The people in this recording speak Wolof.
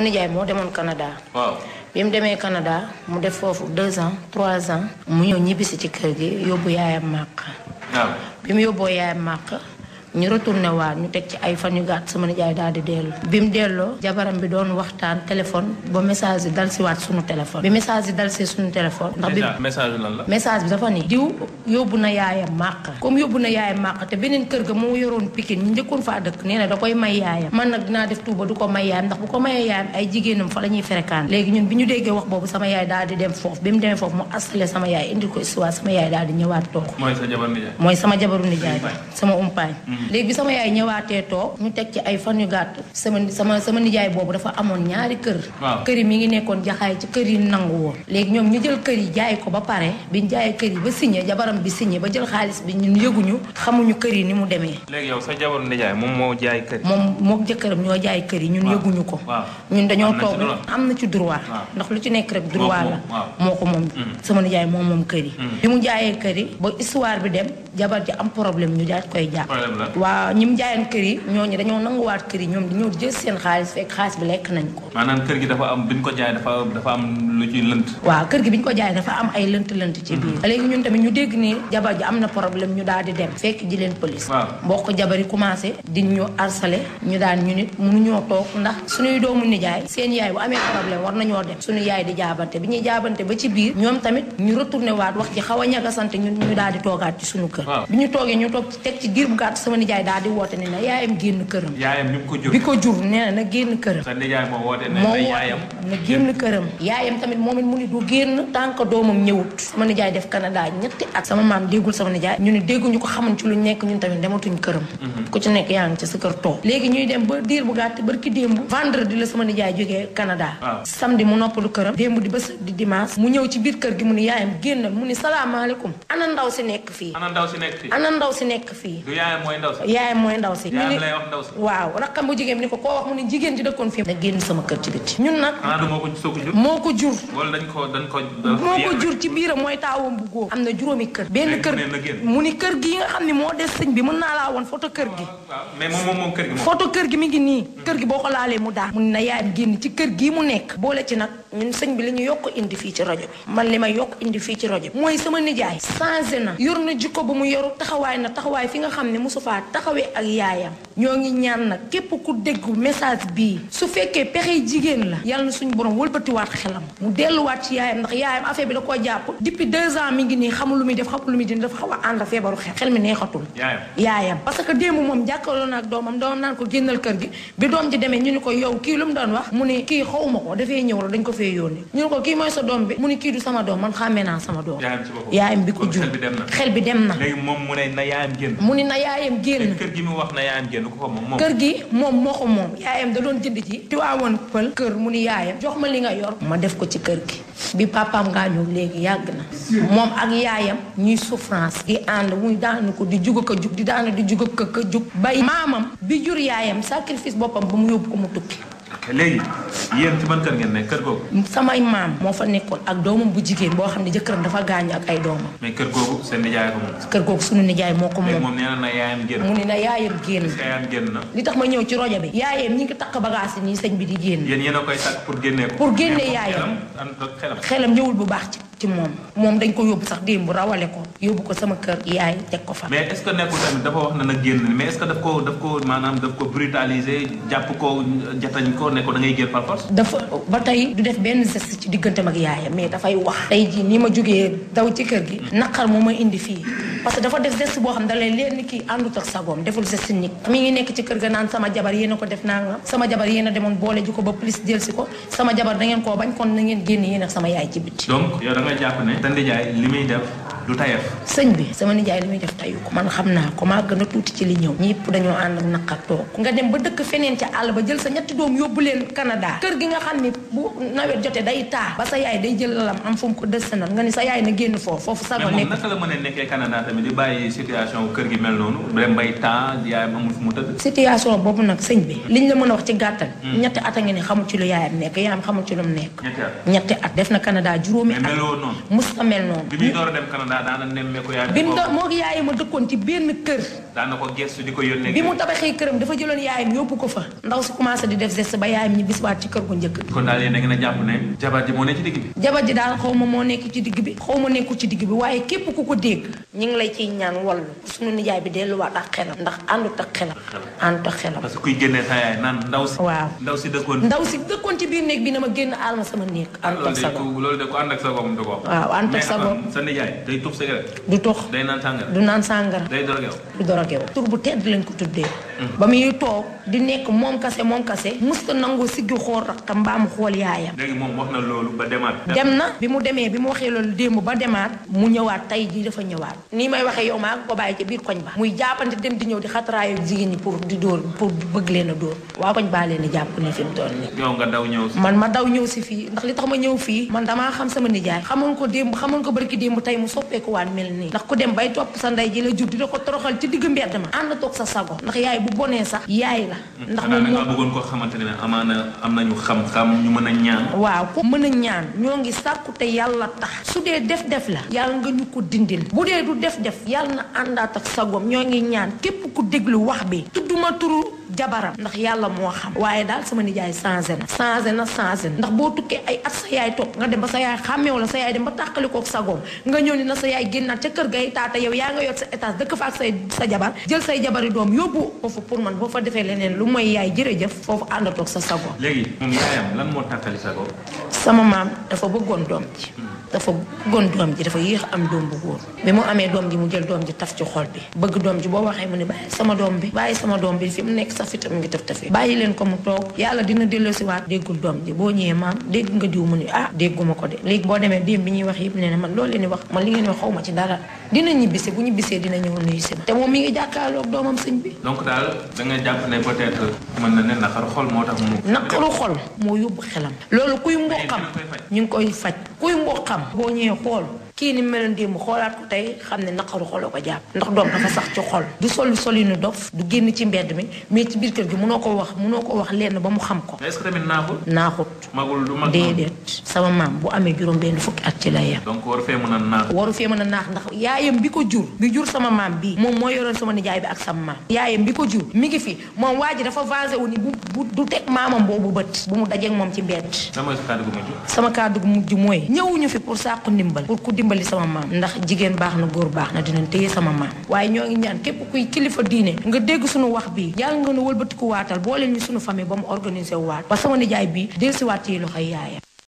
nijaay moo demoon Canada. waaw bi mu demee Canada mu def foofu deux ans trois ans. mu ñëw ñibbisi ci kër gi yóbbu yaayam màq. bi mu yóbboo yaayam màq. ñu retourné waat ñu teg ci ay fan yu gaat sama nijaay daal di dellu bi mu delloo jabaram bi doon waxtaan téléphone ba message yi dal si waat suñu téléphone bi message yi dal si suñu téléphone ndax bi message lan message bi dafa ni diw yóbbu na yaayam màq comme yóbbu na yaayam màq te beneen kër ga moo yoroon Pikine ñu njëkkoon fa dëkk nee da koy may yaayam man nag dinaa def tuuba du ko may yaayam ndax bu ko mayee yaayam ay jigéenam fa la ñuy fréquent léegi ñun bi ñu déggee wax boobu sama yaay daal di dem mu demee mu asale sama yaay indi ko istuwaar sama yaay daal di ñëwaat toog mooy sama jabaru nijaay sama umpaañ mm. léegi sama yaay ñëwaatee toog ñu teg ci ay fan yu gàtt sama sama sama nijaay boobu dafa amoon ñaari kër kër yi mi ngi nekkoon jaxaay ci kër yi nangu woon léegi ñoom ñu jël kër yi jaay ko ba pare biñ jaayee kër yi ba signé jabaram bi signé ba jël xaalis bi ñun yëguñu xamuñu kër yi ni mu demee yow sa jabaru nijaay moom moo jaay kër moom moo jëkkëram ñoo jaay kër yi ñun yëguñu ko ñun dañoo toog am na ci droit ndax lu ci nekk rek droit la moo ko moom mm-hmm. sama nijaay moom moom kër yi mm-hmm. bi mu jaayee kër yi ba histoire bi dem jabar ji am problème ñu daal koy jàpp waaw ñim jaayan kër yi ñooñu dañoo nanguwaat kër yi ñoom dañoo jël seen xaalis fekk xaalis bi lekk nañ ko maanaam kër gi dafa am biñ ko jaay dafa dafa am lu ci lënt waaw kër gi biñ ko jaay dafa am ay lënt lënt ci biir mhm. léegi ñun tamit ñu dégg ni jabar ji am na problème ñu daal di dem fekk ji leen police mbokk jabar yi commencé di ñu harcelé ñu daan ñu nit mënuñoo toog ndax suñuy doomu nijaay seen yaay bu amee problème war nañoo dem suñu yaay di jaabante bi ñuy jaabante ba ci biir ñoom tamit ñu retourné waat wax ci xaw a ñagasante ñu ñu daal di toogaat ci suñu kër bi ñu ñu toog ci ci giir bu gàtt sama nijaay daal di woote ne na yaayam génn këram yaayam bi ko jur bi ko jur nee na génn këram sa nijaay moo woote ne ya na yaayam na génn këram yaayam tamit moom it mu ni du génn tànk doomam ñëwut sama nijaay def Canada ñetti at sama maam déggul sama nijaay ñu ne dégguñu ko xamuñ ci lu nekk ñun tamit dematuñ këram mhm. ku ci nekk yaa ngi ci sa kër toog léegi ñuy dem ba diir bu gàtt barki démb vendredi la sama nijaay jógee Canada samedi mu noppalu këram démb di bés di dimanche mu ñëw ci biir kër gi mu ni yaayam génnal mu ni salaamaaleykum ana ndaw si nekk fii ana ndaw si nekk fii ana ndaw si nekk fii du yaayam mooy ndaw yaayam mooy ndaw si ñu ni waaw rakkam bu jigéen ni ko koo wax mu ne jigéen ji dëkkoon fii na génn sama kër ci biti ñun nag moo ko jur moo ko jur ci biiram mooy taawam bu góor am na juróomi kër benn kër mu ni kër gi nga xam ne moo des sëñ bi mën naa laa woon photo kër gi photo kër gi mi ngi nii kër gi boo ko laalee mu daan mu ne na yaayam génn ci kër gii mu nekk boole ci nag ñun sëñ bi li ñu yokk indi fii ci rajo bi man li ma yokk indi fii ci rajo bi mooy sama nijaay changé na yor na jikko bu mu yoru taxawaay na taxawaay fi nga xam ne mosu faa taxawee ak yaayam ñoo ngi ñaan nag képp ku déggu message bii su fekkee pexe jigéen la yàlla na suñu borom wëlbatiwaat xelam mu delluwaat ci yaayam ndax yaayam affaire bi da koo jàpp depuis deux ans mi ngi nii xamul lu muy def xamul lu muy def dafa xaw a ànd feebaru xel xel mi neexatul yaayam parce que démb moom jàkkaarloo na ak doomam doomam naan ko génnal kër gi bi doom ji demee ñu ni ko yow kii lu mu doon wax mu ni kii xawuma ko dafay ñëw la dañ ko fee yónni ñu ni ko kii mooy sa doom bi mu ni kii du sama doom man xàmmee naa sama doom yaayam bi ko jur xel bi dem na mu ni na yaayam génn kër gi mu wax na yaayam génn kër gi moom moo ko moom yaayam da doon jënd ji Tiwaawoon pël kër mu ni yaayam jox ma li nga yor ma def ko ci kër gi bi ngaa gaañoo léegi yàgg na moom ak yaayam ñuy souffrance di ànd muy daanu ko di jug ko jug di daanu di jug ko jug bay maamam bi jur yaayam sacrifice boppam ba mu yóbbu ko mu tukki léegi yéen ci ban kër ngeen nekk kër googu. samay maam moo fa nekkoon ak doomam bu jigéen boo xam ne jëkkëram dafa gaañu ak ay doomam. mais kër googu seen nijaay ko moom. kër googu sunu nijaay moo ko moom. léegi moom na yaayam génn. mu ne na yaayam génn. li tax ma ñëw ci rojo bi. yaayam ñi ngi takk bagages yi nii señ bi di génn. yéen yéen a koy takk pour génnee ko. pour génnee yaayam xelam ñëwul bu baax ci ci moom moom dañ ko yóbbu sax démb rawale ko yóbbu ko sama kër yaay teg ko fa. mais est-ce que nekkul tamit dafa wax na nag génn mais est daf ko daf ko maanaam daf ko brutaliser jàpp ko jatañ ko ne ko da ngay génn par force. dafa ba tey du def benn geste ci digganteem ak yaayam mais dafay wax. tey jii ni ma jógee daw ci kër gi. naqar moo ma indi fii. parce que dafa def geste boo xam da lay leer ni kii àndut ak sagoom deful geste nit mi ngi nekk ci kër ga naan sama jabar yéen a ko def naa nga sama jabar yéen a demoon boole ji ko ba plus jël ko sama jabar da koo bañ kon na génn yéen sama yaay ci biti donc yow da jàpp ne Tande li muy def du tayef sëñ bi sama nijaay li muy def tayu ko man xam naa ko maa gën a tuuti ci li ñëw ñëpp dañoo ànd ak naqar toog nga dem ba dëkk feneen ca àll ba jël sa ñetti doom yóbbu leen Canada kër gi nga xam ni bu nawet jotee day taa ba sa yaay day jël lalam ko dëstanal sa na génn foofu foofu sago nekk naka la mën a nekkee Canada tamit di bàyyi situation kër gi mel taa yaayam amul fu mu tëdd situation boobu nag sëñ bi hmm. liñ la mën a wax ci gàttal hmm. ñetti at a ngi ne xamul ci lu yaayam nekk yaayam xamul ci lu mu nekk ñetti at def na Canada juróomi at musta mel noonu Zahra daana nemmeeku yaay. bi mu doon moo yaayam a dëkkoon ci benn kër. di bi mu tabaxee këram dafa jëloon yaayam yóbbu ko fa. ndaw si commencé di def geste ba yaayam ñi biswaat ci kër gu njëkk. kon da ngeen a jàpp ne. jabar ji moo nekk ci digg bi. jabar nekk ci digg bi. xaw ma nekkul ci waaye képp ku ko dégg. ñu ngi lay ciy ñaan wallu suñu nijaay bi delluwaat ak xelam. ndax àndut ak xelam. àndut ak xelam. parce que kuy génnee sa yaay naan ndaw si. waaw ndaw si dëkkoon. ndaw si dëkkoon ci biir néeg bi na ma génn àll sama néeg. sa bopp loolu de ku ànd ak sa sa bopp mais sa nijaay tux cigarette. du tux day naan sàngara. du naan sàngara. day dorogew. du dorogew bu tedd lañ ko tuddee. ba muy toog di nekk moom kase moom kase musta nangu siggi xool rakk mbaamu xool yaayam moom wax na loolu ba demaat dem na bi mu demee bi mu waxee loolu démb ba demaat mu ñëwaat tey jii dafa ñëwaat nii may waxee yow maa ko bàyyi biir koñ ba muy jàppante dem di ñëw di xataraayu jigéen ñi pour di dóor pour bëgg leen a dóor waa koñ baa leen a jàpp ni fi mu toll nii yow man ma daw ñëw si fii ndax li tax ma ñëw fii man damaa xam sama nijaay xamoon ko démb xamoon ko barki démb tey mu soppeeku waat mel nii ndax ko dem bay topp sa ndey ji la jur di da ko toroxal ci digg mbedd ma ànd toog sa bu sax yaay la ndax moom nga bëggoon koo xamante ne amaana am nañu xam-xam ñu mën a ñaan waaw ko mën a ñaan ñoo ngi sàkku te yàlla tax su dee def-def la yàlla nga ñu ko dindil bu dee du def-def yàlla na àndaat ak sagoom ñoo ngi ñaan képp ku déglu wax bi tudduma turu jabaram ndax yàlla moo xam waaye daal sama nijaay changé na changé na changé na ndax boo tukkee ay at sa yaay topp nga dem ba sa yaay xàmmeew la sa yaay dem ba tàqalikook sagoom nga ñëw ni na sa yaay génnaat ca kër gay taata yow yaa nga yot sa étage dëkk fa ak say sa jabar jël say jabari doom yóbbu foofu pour man boo fa defee leneen lu mooy yaay jërëjëf foofu àndatoog sa sagoom léegi moom yaayam lan moo tàqali sagoom sama maam dafa bëggoon doom ji dafa bëggoon doom ji dafa yéex am doom bu góor bi mu amee doom mu jël doom ji taf ci xol bi bëgg doom ji saf itam ngi tëf tëfe bàyyi leen ko mu toog yàlla dina delloosiwaat déggul doom ji boo ñëwee maam dégg nga diw mu ne ah dégguma ko de léegi boo demee démb ñuy wax yëpp nee na man loolu leen wax man li ngeen wax xaw ma ci dara dina ñibbisi bu ñibbisee dina ñëw nuyu si ma te moom mi ngi jàkkaarloog doomam sëñ bi donc daal da nga ne peut-être mën na ne naqaru xol moo tax mu naqaru xol moo yóbbu xelam loolu kuy mboqam ñu ngi koy faj kuy mboqam boo kii ni meloon démb xoolaat ko tey xam ne naqaru xoloo ko jàpp ndax doom dafa sax ci xol du sol solinu dof du génn ci mbedd mi mais ci biir kër gi munoo ko wax munoo ko wax lenn ba mu xam ko. est-ce que tamit naaxut. naaxut. sama maam bu amee juróom benn fukki at ci la yem. donc waru fee mën fee mën a naax ndax yaayam bi ko jur bi jur sama maam bii moom moo yoroon sama nijaay bi ak sama maam yaayam bi ko jur mi ngi fi moom waa ji dafa vasé wu ni bu bu du teg maamam boobu bët bu mu dajeeg moom ci mbedd. sama kàddu gu mujj. sama kàddu gu mooy ñëwuñu fi pour sàqu ndimbal pour dimbali sama maam ndax jigéen baax na góor baax na dinañ téye sama maam waaye ñoo ngi ñaan képp kuy kilifa diine nga dégg suñu wax bi yàlla nga nu wëlbatiku waatal boole ñu suñu famille ba mu organisé waat ba sama nijaay bi dellusiwaat ci loxoy yaayam